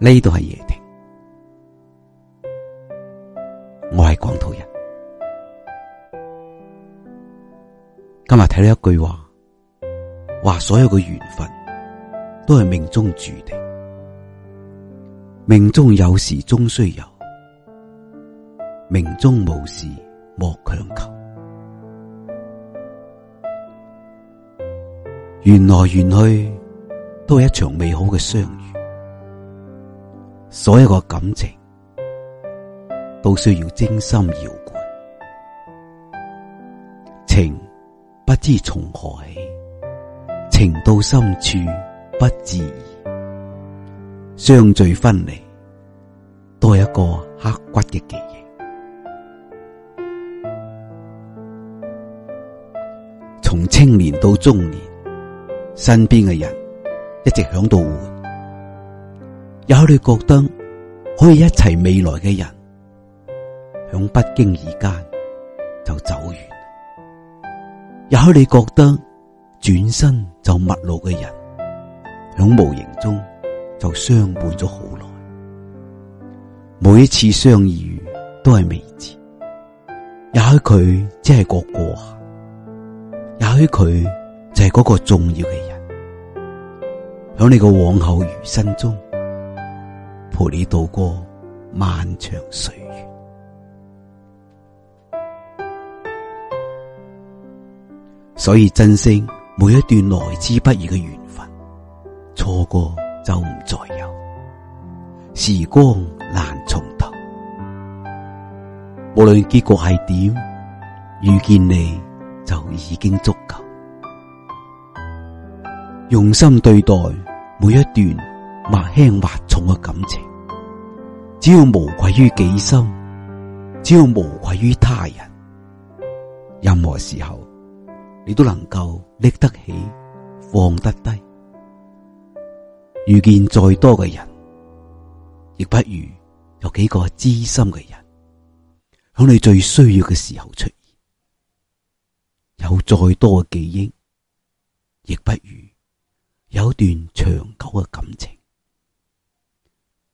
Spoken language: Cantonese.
呢度係夜店，我係廣土人。今日睇到一句話，話所有嘅緣分都係命中注定，命中有時終須有，命中無時莫強求。緣來緣去都係一場美好嘅相遇。所有嘅感情都需要精心澆灌，情不知從何起，情到深處不自已，相聚分離，多一個刻骨嘅記憶。從青年到中年，身邊嘅人一直響度換。也許你覺得可以一齊未來嘅人，響不經意間就走完，也許你覺得轉身就陌路嘅人，響無形中就相伴咗好耐。每一次相遇都係未知，也許佢只係個過客，也許佢就係嗰個重要嘅人，響你個往後餘生中。陪你度過漫長歲月，所以珍惜每一段來之不易嘅緣分。錯過就唔再有，時光難重頭。無論結局係點，遇見你就已經足夠。用心對待每一段或輕或重嘅感情。只要無愧於己心，只要無愧於他人，任何時候你都能夠拎得起、放得低。遇見再多嘅人，亦不如有幾個知心嘅人喺你最需要嘅時候出現。有再多嘅記憶，亦不如有一段長久嘅感情。